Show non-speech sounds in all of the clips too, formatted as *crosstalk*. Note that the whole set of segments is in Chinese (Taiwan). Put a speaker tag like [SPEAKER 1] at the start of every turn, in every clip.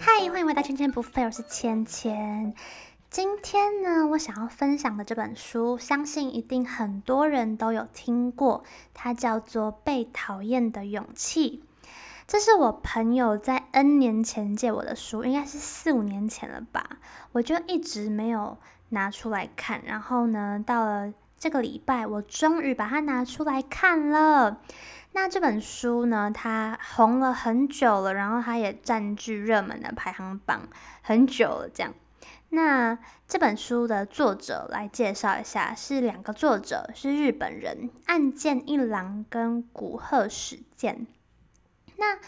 [SPEAKER 1] 嗨，Hi, 歡迎回到《圈圈不廢》，我是千千。今天呢，我想要分享的這本書，相信一定很多人都有聽過，它叫做《被討厭的勇氣》。這是我朋友在 N 年前借我的書，應該是四五年前了吧,我就一直沒有拿出來看。然後呢，到了這個禮拜，我終於把它拿出來看了。那這本書呢，它紅了很久了，然後它也佔據熱門的排行榜很久了。這樣。那這本書的作者來介紹一下，是兩個作者，是日本人案件一郎跟古賀史健。那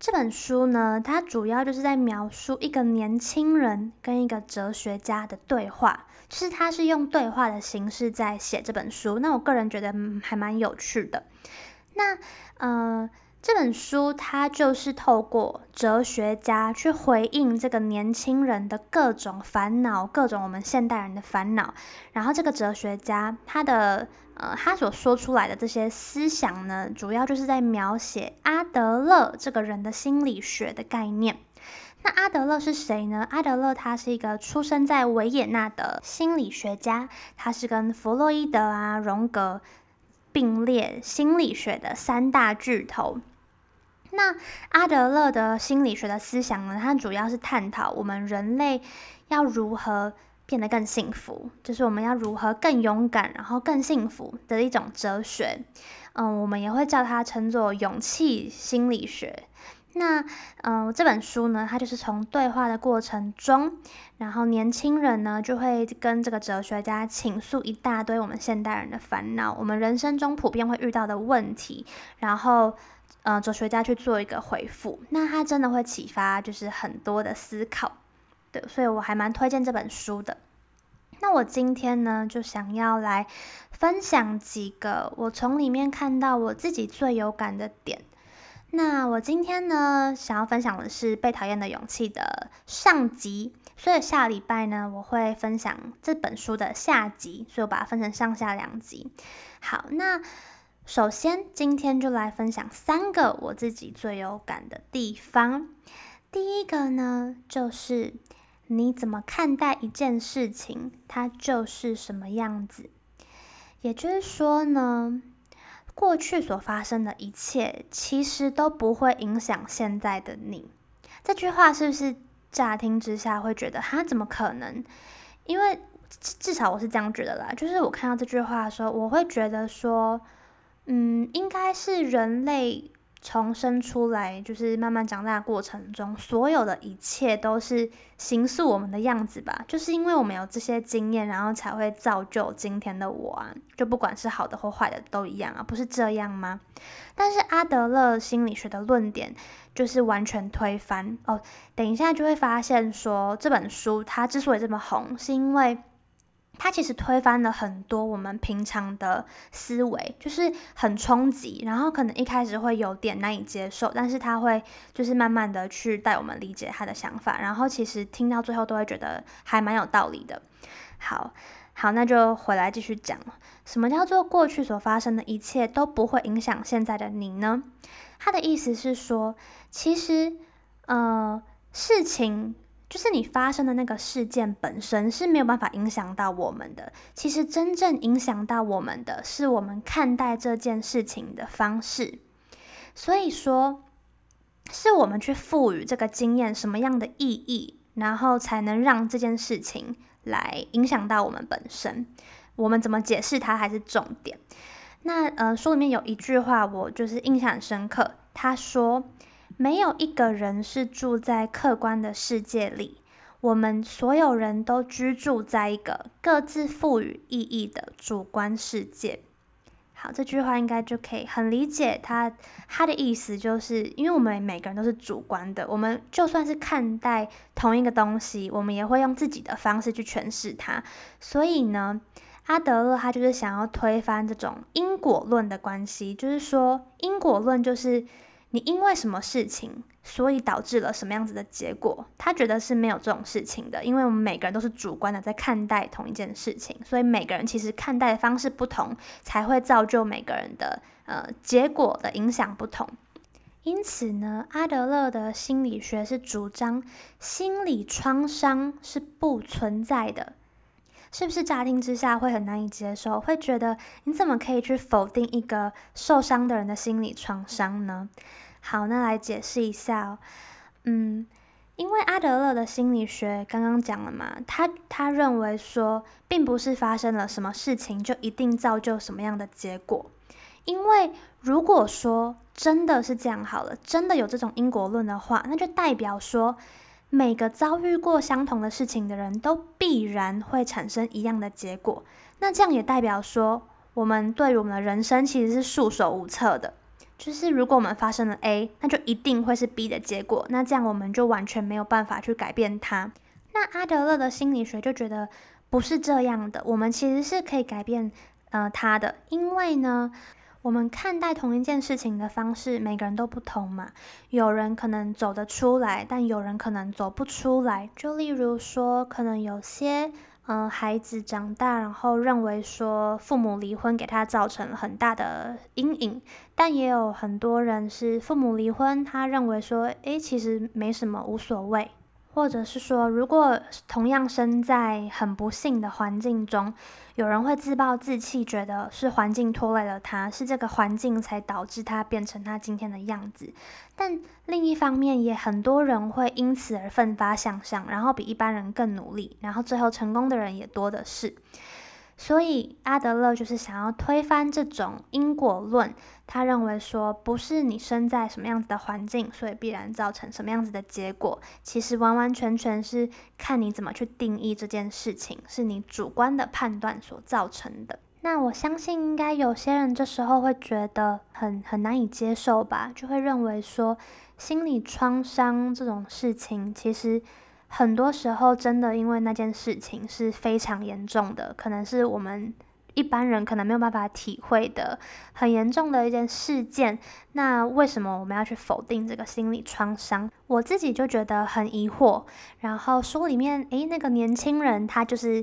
[SPEAKER 1] 這本書呢，它主要就是在描述一個年輕人跟一個哲學家的對話，就是他是用對話的形式在寫這本書。那我個人覺得還蠻有趣的。那，呃，這本書它就是透過哲學家去回應這個年輕人的各種煩惱，各種我們現代人的煩惱。然後這個哲學家他的，呃，他所說出來的這些思想呢，主要就是在描寫阿德勒這個人的心理學的概念。那阿德勒是誰呢？阿德勒他是一個出生在維也納的心理學家，他是跟弗洛伊德啊、榮格。並列心理學的三大巨頭。那阿德勒的心理學的思想呢，它主要是探討我們人類要如何變得更幸福，就是我們要如何更勇敢，然後更幸福的一種哲學。嗯，我們也會叫它稱作勇氣心理學。那嗯、呃，這本書呢，它就是從對話的過程中，然後年輕人呢就會跟這個哲學家傾訴一大堆我們現代人的煩惱，我們人生中普遍會遇到的問題，然後呃哲學家去做一個回復。那他真的會啟發，就是很多的思考，對，所以我還蠻推薦這本書的。那我今天呢，就想要來分享幾個我從裡面看到我自己最有感的點。那我今天呢，想要分享的是《被討厭的勇氣》的上集，所以下禮拜呢，我會分享這本書的下集，所以我把它分成上下兩集。好，那首先今天就來分享三個我自己最有感的地方。第一個呢，就是你怎麼看待一件事情，它就是什麼樣子。也就是說呢，過去所發生的一切，其實都不會影響現在的你。這句話是不是乍聽之下會覺得“他怎麼可能？”因為至少我是這樣覺得啦。就是我看到這句話的時候，我會覺得說：“嗯，應該是人類。”重生出來就是慢慢長大的過程中，所有的一切都是形塑我們的樣子吧。就是因為我們有這些經驗，然後才會造就今天的我啊。就不管是好的或壞的都一樣啊，不是這樣嗎？但是阿德勒心理學的論點就是完全推翻哦。等一下就會發現說，這本書它之所以這麼紅，是因為。他其實推翻了很多我們平常的思維，就是很衝擊，然後可能一開始會有點難以接受，但是他會就是慢慢的去帶我們理解他的想法，然後其實聽到最後都會覺得還蠻有道理的。好，好，那就回來繼續講。什麼叫做過去所發生的一切都不會影響現在的你呢？他的意思是說，其實呃事情。就是你發生的那個事件本身是沒有辦法影響到我們的，其實真正影響到我們的是我們看待這件事情的方式。所以說，是我們去賦予這個經驗什麼樣的意義，然後才能讓這件事情來影響到我們本身。我們怎麼解釋它還是重點。那呃，書裡面有一句話我就是印象很深刻，他說。沒有一個人是住在客觀的世界裡，我們所有人都居住在一個各自賦予意義的主觀世界。好，這句話應該就可以很理解他他的意思，就是因為我們每個人都是主觀的，我們就算是看待同一個東西，我們也會用自己的方式去詮釋它。所以呢，阿德勒他就是想要推翻這種因果論的關係，就是說因果論就是。你因為什麼事情，所以導致了什麼樣子的結果？他覺得是沒有這種事情的，因為我們每個人都是主觀的在看待同一件事情，所以每個人其實看待的方式不同，才會造就每個人的呃結果的影響不同。因此呢，阿德勒的心理學是主張心理創傷是不存在的。是不是乍聽之下會很難以接受？會覺得你怎麼可以去否定一個受傷的人的心理創傷呢？好，那來解釋一下哦。嗯，因為阿德勒的心理學剛剛講了嘛，他他認為說，並不是發生了什麼事情就一定造就什麼樣的結果。因為如果說真的是這樣好了，真的有這種因果論的話，那就代表說，每個遭遇過相同的事情的人都必然會產生一樣的結果。那這樣也代表說，我們對於我們的人生其實是束手無策的。就是如果我們發生了 A，那就一定會是 B 的結果。那這樣我們就完全沒有辦法去改變它。那阿德勒的心理學就覺得不是這樣的，我們其實是可以改變呃它的，因為呢，我們看待同一件事情的方式，每個人都不同嘛。有人可能走得出來，但有人可能走不出來。就例如說，可能有些。嗯、呃，孩子長大，然後認為說父母離婚給他造成很大的陰影，但也有很多人是父母離婚，他認為說，誒，其實沒什麼，無所謂。或者是說，如果同樣生在很不幸的環境中，有人會自暴自棄，覺得是環境拖累了他，是這個環境才導致他變成他今天的樣子。但另一方面，也很多人會因此而奮發向上，然後比一般人更努力，然後最後成功的人也多的是。所以阿德勒就是想要推翻這種因果論，他認為說，不是你身在什麼樣子的環境，所以必然造成什麼樣子的結果，其實完完全全是看你怎麼去定義這件事情，是你主觀的判斷所造成的。那我相信應該有些人這時候會覺得很很難以接受吧，就會認為說心理創傷這種事情其實。很多時候，真的因為那件事情是非常嚴重的，可能是我們一般人可能沒有辦法體會的很嚴重的一件事件。那為什麼我們要去否定這個心理創傷？我自己就覺得很疑惑。然後書裡面，誒，那個年輕人他就是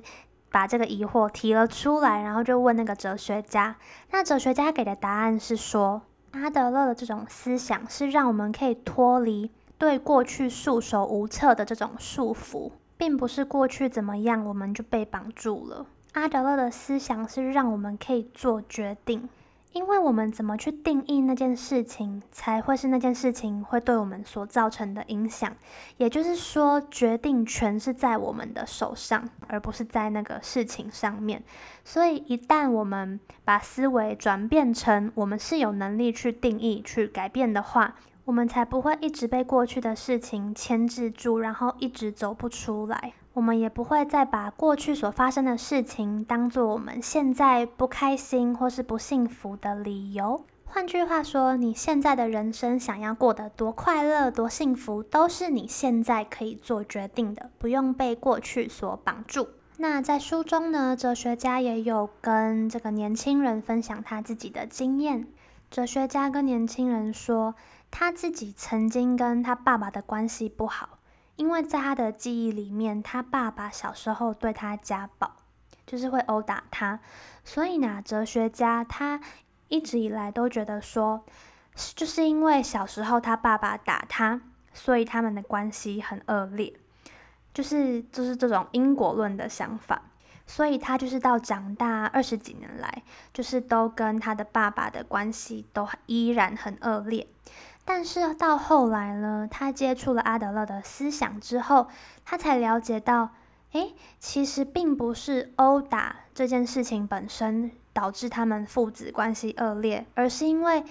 [SPEAKER 1] 把這個疑惑提了出來，然後就問那個哲學家。那哲學家給的答案是說，阿德勒的這種思想是讓我們可以脫離。對過去束手無策的這種束縛，並不是過去怎麼樣我們就被綁住了。阿德勒的思想是讓我們可以做決定，因為我們怎麼去定義那件事情，才會是那件事情會對我們所造成的影響。也就是說，決定權是在我們的手上，而不是在那個事情上面。所以，一旦我們把思維轉變成我們是有能力去定義、去改變的話，我們才不會一直被過去的事情牽制住，然後一直走不出來。我們也不會再把過去所發生的事情當做我們現在不開心或是不幸福的理由。換句話說，你現在的人生想要過得多快樂、多幸福，都是你現在可以做決定的，不用被過去所綁住。那在書中呢，哲學家也有跟這個年輕人分享他自己的經驗。哲學家跟年輕人說：他自己曾經跟他爸爸的關係不好，因為在他的記憶裡面，他爸爸小時候對他家暴，就是會毆打他。所以呢，哲學家他一直以來都覺得說，就是因為小時候他爸爸打他，所以他們的關係很惡劣，就是就是這種因果論的想法。所以他就是到長大二十幾年來，就是都跟他的爸爸的關係都依然很惡劣。但是到後來呢，他接觸了阿德勒的思想之後，他才了解到，哎、欸，其實並不是毆打這件事情本身導致他們父子關係惡劣，而是因為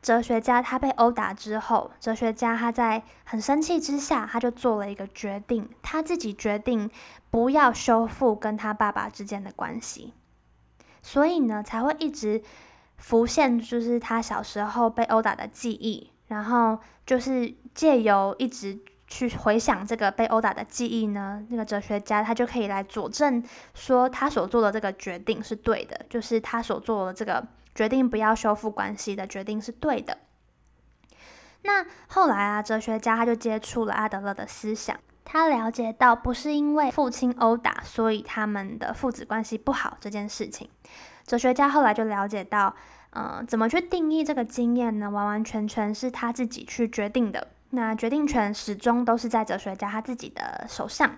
[SPEAKER 1] 哲學家他被毆打之後，哲學家他在很生氣之下，他就做了一個決定，他自己決定不要修復跟他爸爸之間的關係，所以呢，才會一直浮現，就是他小時候被毆打的記憶。然後就是借由一直去回想這個被毆打的記憶呢，那個哲學家他就可以來佐證說，他所做的這個決定是對的，就是他所做的這個決定不要修復關係的決定是對的。那後來啊，哲學家他就接觸了阿德勒的思想，他了解到不是因為父親毆打，所以他們的父子關係不好這件事情，哲學家後來就了解到。呃，怎麼去定義這個經驗呢？完完全全是他自己去決定的。那決定權始終都是在哲學家他自己的手上，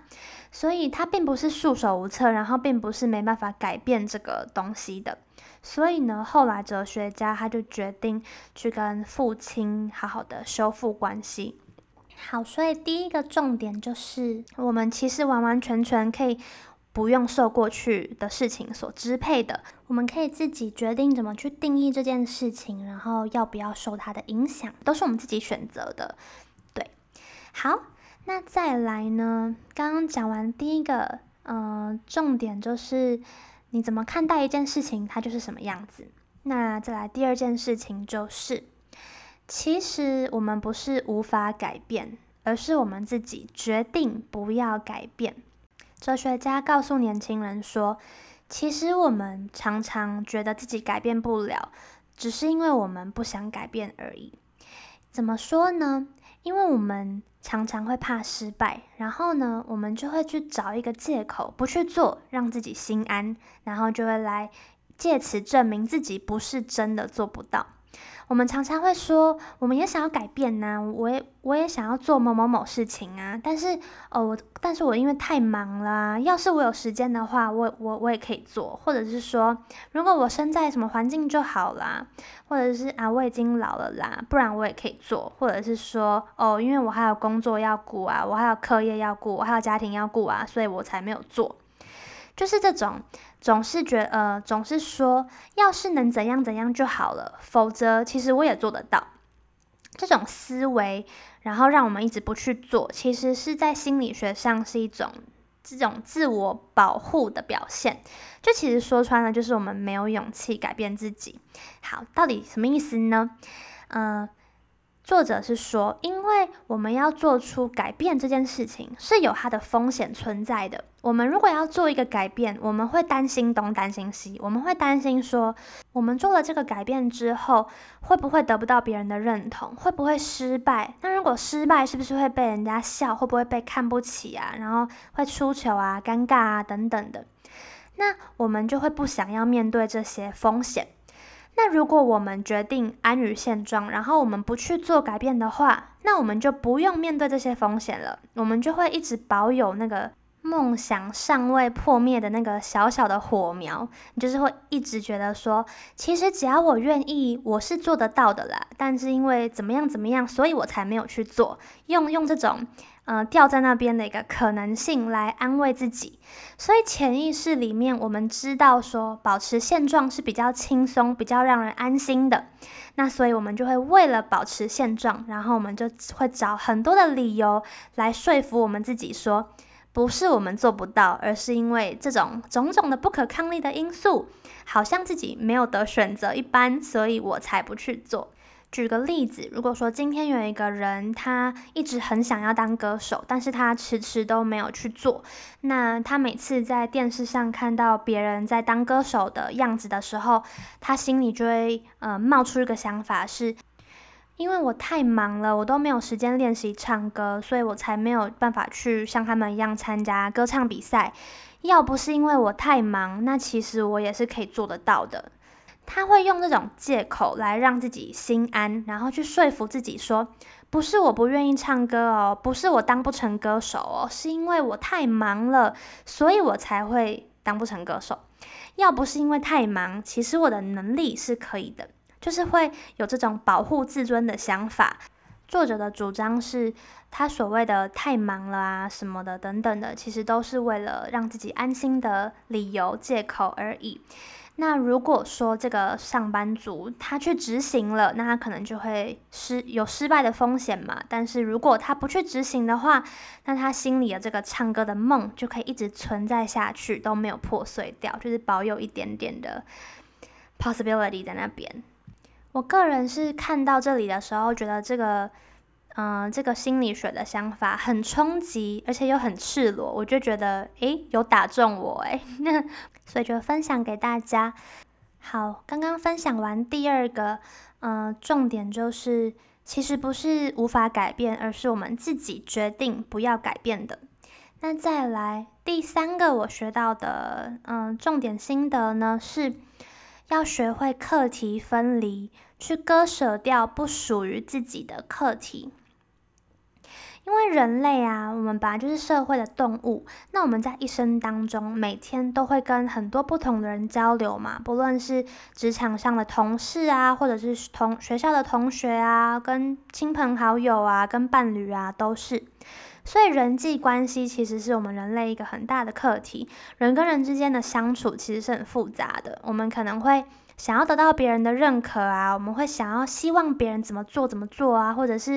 [SPEAKER 1] 所以他並不是束手無策，然後並不是沒辦法改變這個東西的。所以呢，後來哲學家他就決定去跟父親好好的修復關係。好，所以第一個重點就是，我們其實完完全全可以。不用受過去的事情所支配的，我們可以自己決定怎麼去定義這件事情，然後要不要受它的影響，都是我們自己選擇的。對，好，那再來呢？剛剛講完第一個，嗯、呃，重點就是你怎麼看待一件事情，它就是什麼樣子。那再來第二件事情就是，其實我們不是無法改變，而是我們自己決定不要改變。哲學家告訴年輕人說：“其實我們常常覺得自己改變不了，只是因為我們不想改變而已。怎麼說呢？因為我們常常會怕失敗，然後呢，我們就會去找一個借口不去做，讓自己心安，然後就會來藉此證明自己不是真的做不到。”我們常常會說，我們也想要改變吶、啊，我也我也想要做某某某事情啊，但是哦我，但是我因為太忙啦、啊，要是我有時間的話，我我我也可以做，或者是說，如果我生在什麼環境就好啦，或者是啊，我已經老了啦，不然我也可以做，或者是說哦，因為我還有工作要顧啊，我還有課業要顧，我還有家庭要顧啊，所以我才沒有做。就是這種總是覺呃總是說，要是能怎樣怎樣就好了，否則其實我也做得到。這種思維，然後讓我們一直不去做，其實是在心理學上是一種這種自我保護的表現。就其實說穿了，就是我們沒有勇氣改變自己。好，到底什麼意思呢？嗯、呃。作者是說，因為我們要做出改變這件事情是有它的風險存在的。我們如果要做一個改變，我們會擔心東，擔心西，我們會擔心說，我們做了這個改變之後，會不會得不到別人的認同，會不會失敗？那如果失敗，是不是會被人家笑？會不會被看不起啊？然後會出糗啊，尷尬啊，等等的。那我們就會不想要面對這些風險。那如果我們決定安於現狀，然後我們不去做改變的話，那我們就不用面對這些風險了，我們就會一直保有那個。夢想尚未破滅的那個小小的火苗，你就是會一直覺得說，其實只要我願意，我是做得到的啦。但是因為怎麼樣怎麼樣，所以我才沒有去做。用用這種，呃，掉在那邊的一個可能性來安慰自己。所以潛意識裡面，我們知道說，保持現狀是比較輕鬆、比較讓人安心的。那所以我們就會為了保持現狀，然後我們就會找很多的理由來說服我們自己說。不是我們做不到，而是因為這種種種的不可抗力的因素，好像自己沒有得選擇一般，所以我才不去做。舉個例子，如果說今天有一個人，他一直很想要當歌手，但是他遲遲都沒有去做，那他每次在電視上看到別人在當歌手的樣子的時候，他心裡就會呃冒出一個想法是。因為我太忙了，我都沒有時間練習唱歌，所以我才沒有辦法去像他們一樣參加歌唱比賽。要不是因為我太忙，那其實我也是可以做得到的。他會用這種借口來讓自己心安，然後去說服自己說，不是我不願意唱歌哦，不是我當不成歌手哦，是因為我太忙了，所以我才會當不成歌手。要不是因為太忙，其實我的能力是可以的。就是會有這種保護自尊的想法。作者的主張是他所謂的太忙了啊什麼的等等的，其實都是為了讓自己安心的理由借口而已。那如果說這個上班族他去執行了，那他可能就會失，有失敗的風險嘛。但是如果他不去執行的話，那他心裡的這個唱歌的夢就可以一直存在下去，都沒有破碎掉，就是保有一點點的 possibility 在那邊。我個人是看到這裡的時候，覺得這個，嗯、呃，這個心理學的想法很衝擊，而且又很赤裸，我就覺得，哎，有打中我誒，哎，那所以就分享給大家。好，剛剛分享完第二個，嗯、呃，重點就是其實不是無法改變，而是我們自己決定不要改變的。那再來第三個我學到的，嗯、呃，重點心得呢是。要學會課題分離，去割捨掉不屬於自己的課題。因為人類啊，我們本來就是社會的動物。那我們在一生當中，每天都會跟很多不同的人交流嘛，不論是職場上的同事啊，或者是同學校的同學啊，跟親朋好友啊，跟伴侶啊，都是。所以，人際關係其實是我們人類一個很大的課題。人跟人之間的相處其實是很複雜的。我們可能會想要得到別人的認可啊，我們會想要希望別人怎麼做怎麼做啊，或者是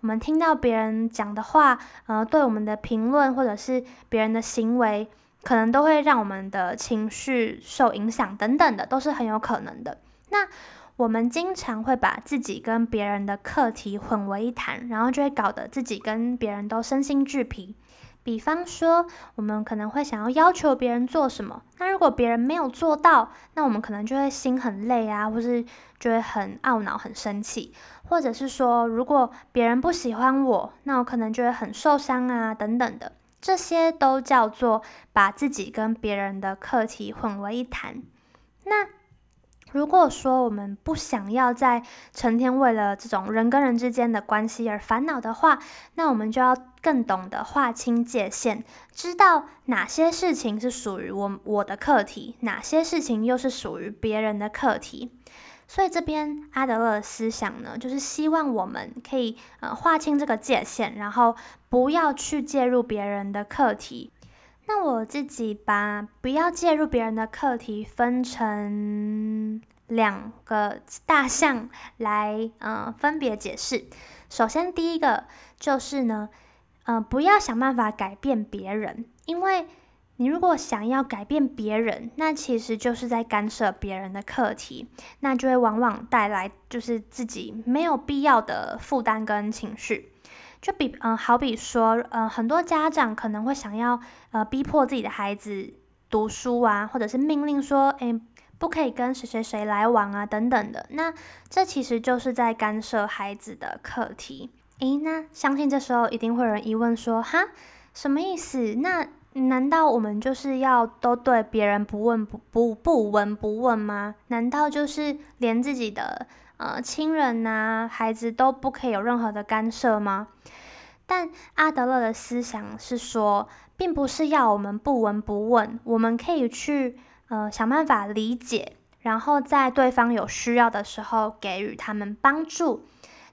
[SPEAKER 1] 我們聽到別人講的話，呃，對我們的評論或者是別人的行為，可能都會讓我們的情緒受影響等等的，都是很有可能的。那我們經常會把自己跟別人的課題混為一談，然後就會搞得自己跟別人都身心俱疲。比方說，我們可能會想要要求別人做什麼，那如果別人沒有做到，那我們可能就會心很累啊，或是就會很懊惱、很生氣，或者是說，如果別人不喜歡我，那我可能就會很受傷啊，等等的。這些都叫做把自己跟別人的課題混為一談。那如果說我們不想要再成天為了這種人跟人之間的關係而煩惱的話，那我們就要更懂得劃清界限，知道哪些事情是屬於我我的課題，哪些事情又是屬於別人的課題。所以這邊阿德勒思想呢，就是希望我們可以呃劃清這個界限，然後不要去介入別人的課題。那我自己把不要介入別人的課題分成兩個大項來，呃，分別解釋。首先，第一個就是呢，呃，不要想辦法改變別人，因為你如果想要改變別人，那其實就是在干涉別人的課題，那就會往往帶來就是自己沒有必要的負擔跟情緒。就比嗯、呃，好比說，呃，很多家長可能會想要呃，逼迫自己的孩子讀書啊，或者是命令說，誒，不可以跟誰誰誰來往啊，等等的。那這其實就是在干涉孩子的課題。誒，那相信這時候一定會有人疑問說，哈，什麼意思？那難道我們就是要都對別人不問不不不聞不問嗎？難道就是連自己的？呃，親人吶，孩子都不可以有任何的干涉嗎？但阿德勒的思想是說，並不是要我們不聞不問，我們可以去呃想辦法理解，然後在對方有需要的時候給予他們幫助。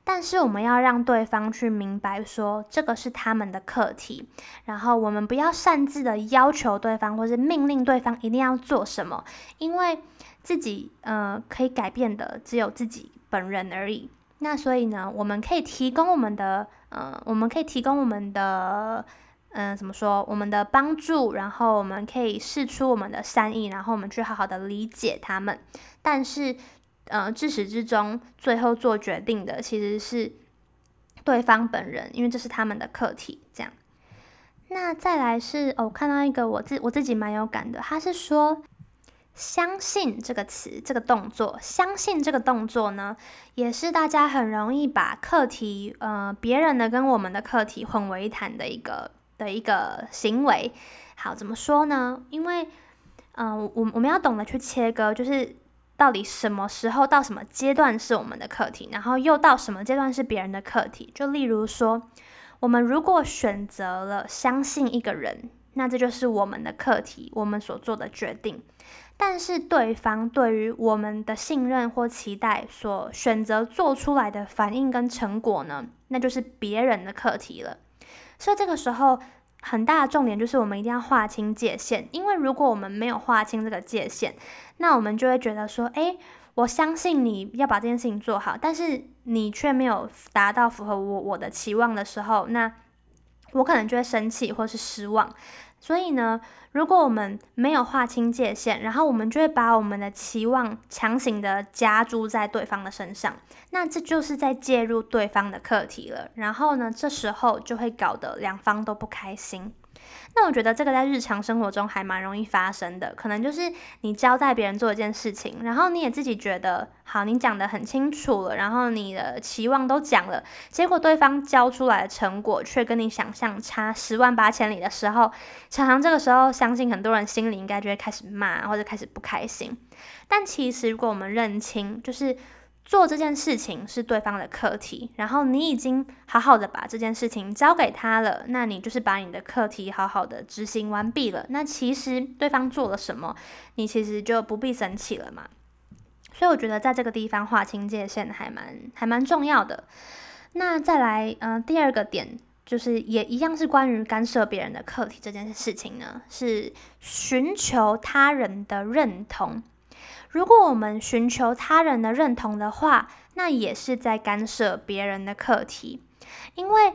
[SPEAKER 1] 但是我們要讓對方去明白說，這個是他們的課題，然後我們不要擅自的要求對方，或是命令對方一定要做什麼，因為。自己呃，可以改變的只有自己本人而已。那所以呢，我們可以提供我們的呃，我們可以提供我們的嗯、呃，怎麼說，我們的幫助。然後我們可以釋出我們的善意，然後我們去好好的理解他們。但是呃，自始至終，最後做決定的其實是對方本人，因為這是他們的課題。這樣。那再來是哦，我看到一個我自我自己蠻有感的，他是說。相信這個詞，這個動作，相信這個動作呢，也是大家很容易把課題，呃，別人的跟我們的課題混為一談的一個的一個行為。好，怎麼說呢？因為，嗯、呃，我我們要懂得去切割，就是到底什麼時候到什麼階段是我們的課題，然後又到什麼階段是別人的課題。就例如說，我們如果選擇了相信一個人，那這就是我們的課題，我們所做的決定。但是對方對於我們的信任或期待所選擇做出來的反應跟成果呢，那就是別人的課題了。所以這個時候很大的重點就是我們一定要劃清界限，因為如果我們沒有劃清這個界限，那我們就會覺得說，誒，我相信你要把這件事情做好，但是你卻沒有達到符合我我的期望的時候，那我可能就會生氣或是失望。所以呢，如果我們沒有劃清界限，然後我們就會把我們的期望強行的加諸在對方的身上，那這就是在介入對方的課題了。然後呢，這時候就會搞得兩方都不開心。那我覺得這個在日常生活中還蠻容易發生的，可能就是你交代別人做一件事情，然後你也自己覺得好，你講得很清楚了，然後你的期望都講了，結果對方交出來的成果卻跟你想象差十萬八千里的時候，常常這個時候，相信很多人心裡應該就會開始罵或者開始不開心。但其實如果我們認清，就是。做這件事情是對方的課題，然後你已經好好的把這件事情交給他了，那你就是把你的課題好好的執行完畢了。那其實對方做了什麼，你其實就不必生氣了嘛。所以我覺得在這個地方劃清界限還蠻還蠻重要的。那再來，嗯、呃，第二個點就是也一樣是關於干涉別人的課題這件事情呢，是尋求他人的認同。如果我們尋求他人的認同的話，那也是在干涉別人的課題，因為，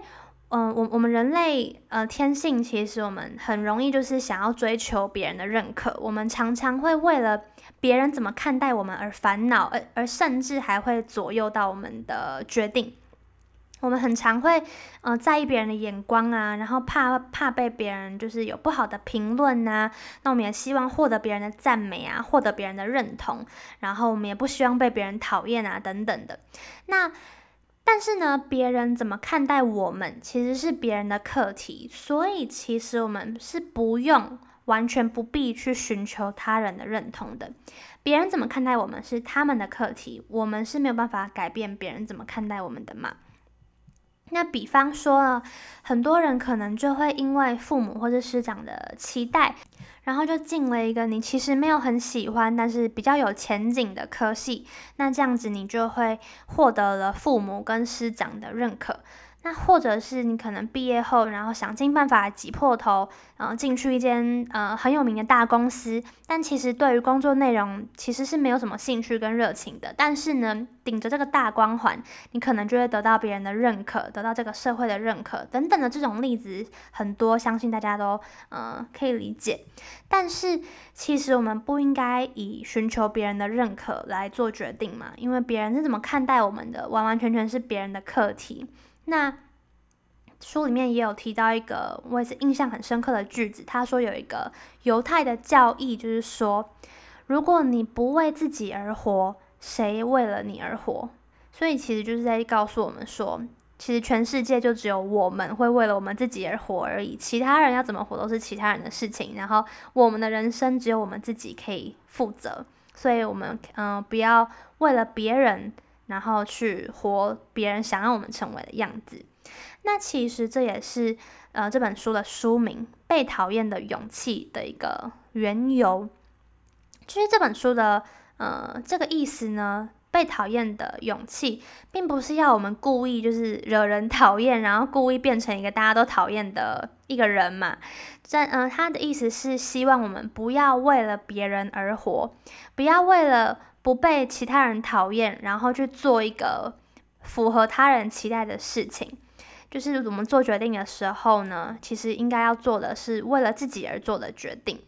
[SPEAKER 1] 嗯、呃，我我們人類，呃，天性其實我們很容易就是想要追求別人的認可，我們常常會為了別人怎麼看待我們而煩惱，而而甚至還會左右到我們的決定。我們很常會，呃，在意別人的眼光啊，然後怕怕被別人就是有不好的評論吶、啊，那我們也希望獲得別人的讚美啊，獲得別人的認同，然後我們也不希望被別人討厭啊，等等的。那但是呢，別人怎麼看待我們，其實是別人的課題，所以其實我們是不用完全不必去尋求他人的認同的。別人怎麼看待我們是他們的課題，我們是沒有辦法改變別人怎麼看待我們的嘛。那比方說呢，很多人可能就會因為父母或者師長的期待，然後就進了一個你其實沒有很喜歡，但是比較有前景的科系。那這樣子，你就會獲得了父母跟師長的認可。那或者是你可能畢業後，然後想盡辦法擠破頭，然後呃，進去一間呃很有名的大公司，但其實對於工作內容其實是沒有什麼興趣跟熱情的。但是呢，頂着這個大光環，你可能就會得到別人的認可，得到這個社會的認可等等的這種例子很多，相信大家都，呃，可以理解。但是其實我們不應該以尋求別人的認可來做決定嘛，因為別人是怎麼看待我們的，完完全全是別人的課題。那書裡面也有提到一個我也是印象很深刻的句子，他說有一個猶太的教義，就是說，如果你不為自己而活，誰為了你而活？所以其實就是在告訴我們說，其實全世界就只有我們會為了我們自己而活而已，其他人要怎麼活都是其他人的事情。然後我們的人生只有我們自己可以負責，所以我們嗯、呃，不要為了別人。然後去活別人想讓我們成為的樣子，那其實這也是呃這本書的書名《被討厭的勇氣》的一個緣由。其、就是這本書的呃這個意思呢，被討厭的勇氣，並不是要我們故意就是惹人討厭，然後故意變成一個大家都討厭的一個人嘛。這呃他的意思是希望我們不要為了別人而活，不要為了。不被其他人討厭，然後去做一個符合他人期待的事情，就是我們做決定的時候呢，其實應該要做的是為了自己而做的決定。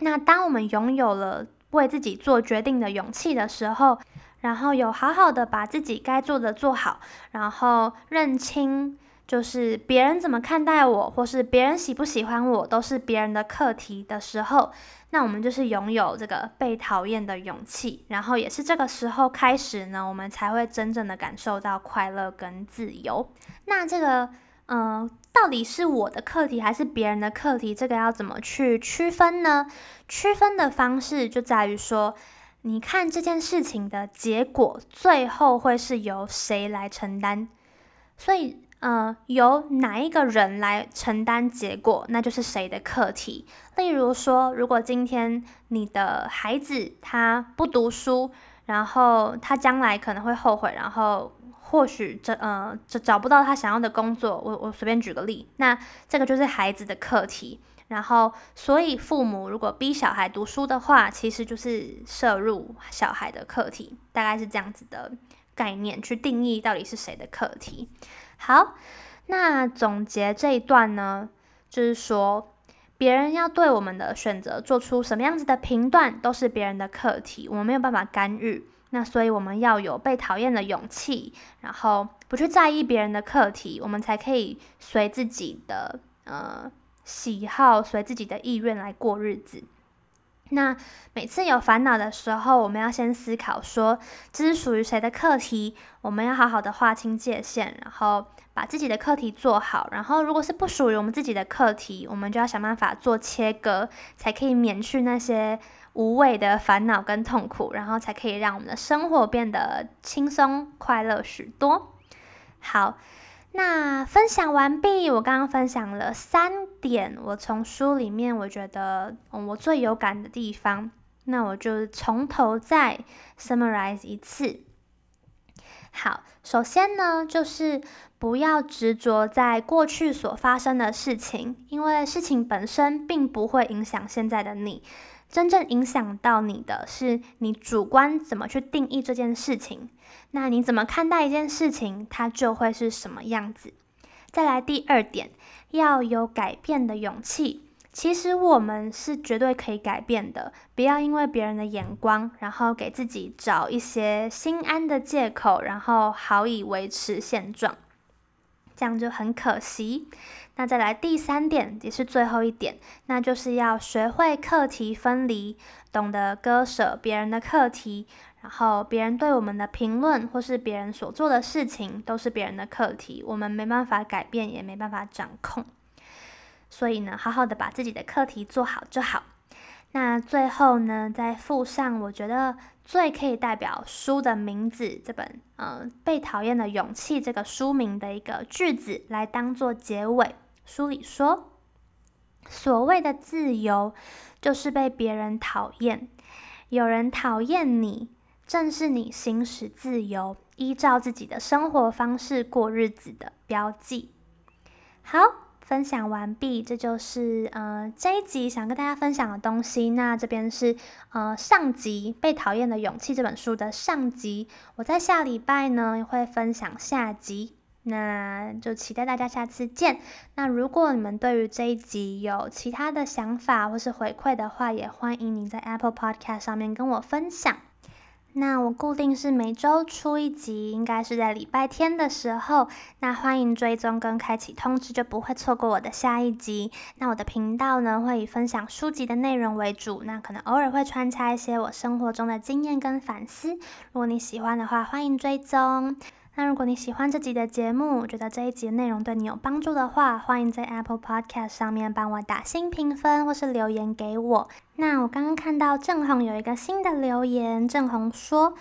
[SPEAKER 1] 那當我們擁有了為自己做決定的勇氣的時候，然後有好好的把自己該做的做好，然後認清。就是別人怎麼看待我，或是別人喜不喜歡我，都是別人的課題的時候，那我們就是擁有這個被討厭的勇氣。然後也是這個時候開始呢，我們才會真正的感受到快樂跟自由。那這個，呃，到底是我的課題還是別人的課題？這個要怎麼去區分呢？區分的方式就在於說，你看這件事情的結果，最後會是由誰來承擔。所以。嗯、呃，由哪一個人來承擔結果，那就是誰的課題。例如說，如果今天你的孩子他不讀書，然後他將來可能會後悔，然後或許這嗯、呃、這找不到他想要的工作，我我隨便舉個例，那這個就是孩子的課題。然後，所以父母如果逼小孩讀書的話，其實就是涉入小孩的課題，大概是這樣子的概念去定義到底是誰的課題。好，那總結這一段呢，就是說，別人要對我們的選擇做出什麼樣子的評斷，都是別人的課題，我們沒有辦法干預。那所以我們要有被討厭的勇氣，然後不去在意別人的課題，我們才可以隨自己的呃喜好，隨自己的意願來過日子。那每次有煩惱的時候，我們要先思考說，這是屬於誰的課題，我們要好好的劃清界限，然後把自己的課題做好。然後如果是不屬於我們自己的課題，我們就要想辦法做切割，才可以免去那些無謂的煩惱跟痛苦，然後才可以讓我們的生活變得輕鬆快樂許多。好。那分享完畢，我剛剛分享了三點，我從書裡面我覺得我最有感的地方，那我就從頭再 summarize 一次。好，首先呢，就是不要執着在過去所發生的事情，因為事情本身並不會影響現在的你。真正影響到你的，是你主觀怎麼去定義這件事情，那你怎麼看待一件事情，它就會是什麼樣子。再來第二點，要有改變的勇氣。其實我們是絕對可以改變的，不要因為別人的眼光，然後給自己找一些心安的借口，然後好以維持現狀。這樣就很可惜。那再來第三點，也是最後一點，那就是要學會課題分離，懂得割捨別人的課題。然後，別人對我們的評論，或是別人所做的事情，都是別人的課題，我們沒辦法改變，也沒辦法掌控。所以呢，好好的把自己的課題做好就好。那最後呢，再附上我覺得最可以代表書的名字，這本呃《被討厭的勇氣》這個書名的一個句子來當做結尾。書裡說：“所謂的自由，就是被別人討厭。有人討厭你，正是你行使自由，依照自己的生活方式過日子的標記。”好。分享完畢，這就是呃這一集想跟大家分享的東西。那這邊是呃上集《被討厭的勇氣》這本書的上集，我在下禮拜呢會分享下集，那就期待大家下次見。那如果你們對於這一集有其他的想法或是回饋的話，也歡迎您在 Apple Podcast 上面跟我分享。那我固定是每週出一集，應該是在禮拜天的時候。那歡迎追蹤跟開啟通知，就不會錯過我的下一集。那我的頻道呢，會以分享書籍的內容為主，那可能偶爾會穿插一些我生活中的經驗跟反思。如果你喜歡的話，歡迎追蹤。那如果你喜歡這集的節目，覺得這一集內容對你有幫助的話，歡迎在 Apple Podcast 上面幫我打星評分或是留言給我。那我剛剛看到鄭紅有一個新的留言，鄭紅說，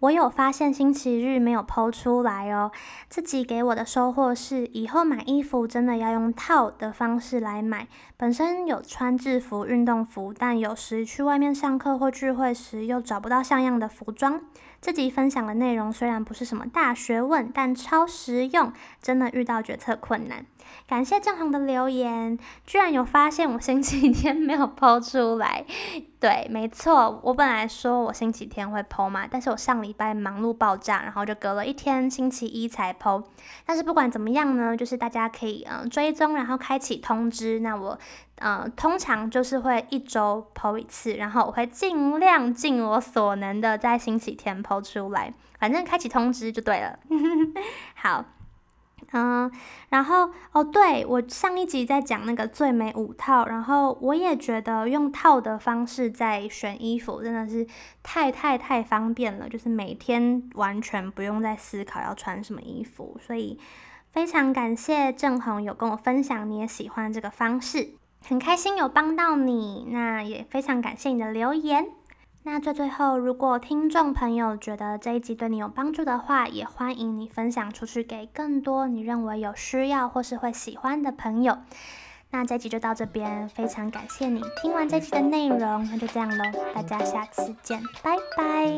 [SPEAKER 1] 我有發現星期日沒有 po 出來哦！自己給我的收穫是，以後買衣服真的要用套的方式來買。本身有穿制服、運動服，但有時去外面上課或聚會時又找不到像樣的服裝。自己分享的內容雖然不是什麼大學問，但超實用，真的遇到決策困難。感謝正紅的留言，居然有發現我星期天沒有 po 出來。對，沒錯，我本來說我星期天會 po 嘛，但是我上禮拜忙碌爆炸，然後就隔了一天，星期一才 po。但是不管怎麼樣呢，就是大家可以嗯、呃、追蹤，然後開啟通知。那我嗯、呃、通常就是會一週 po 一次，然後我會盡量盡我所能的在星期天 po 出來。反正開啟通知就對了。 *laughs* 好。嗯，然後哦對，對我上一集在講那個最美五套，然後我也覺得用套的方式在選衣服真的是太太太方便了，就是每天完全不用再思考要穿什麼衣服，所以非常感謝鄭紅有跟我分享，你也喜歡這個方式，很開心有幫到你，那也非常感謝你的留言。那在最，最後，如果聽眾朋友覺得這一集對你有幫助的話，也歡迎你分享出去給更多你認為有需要或是會喜歡的朋友。那這集就到這邊，非常感謝你聽完這集的內容，那就這樣咯，大家下次見，拜拜。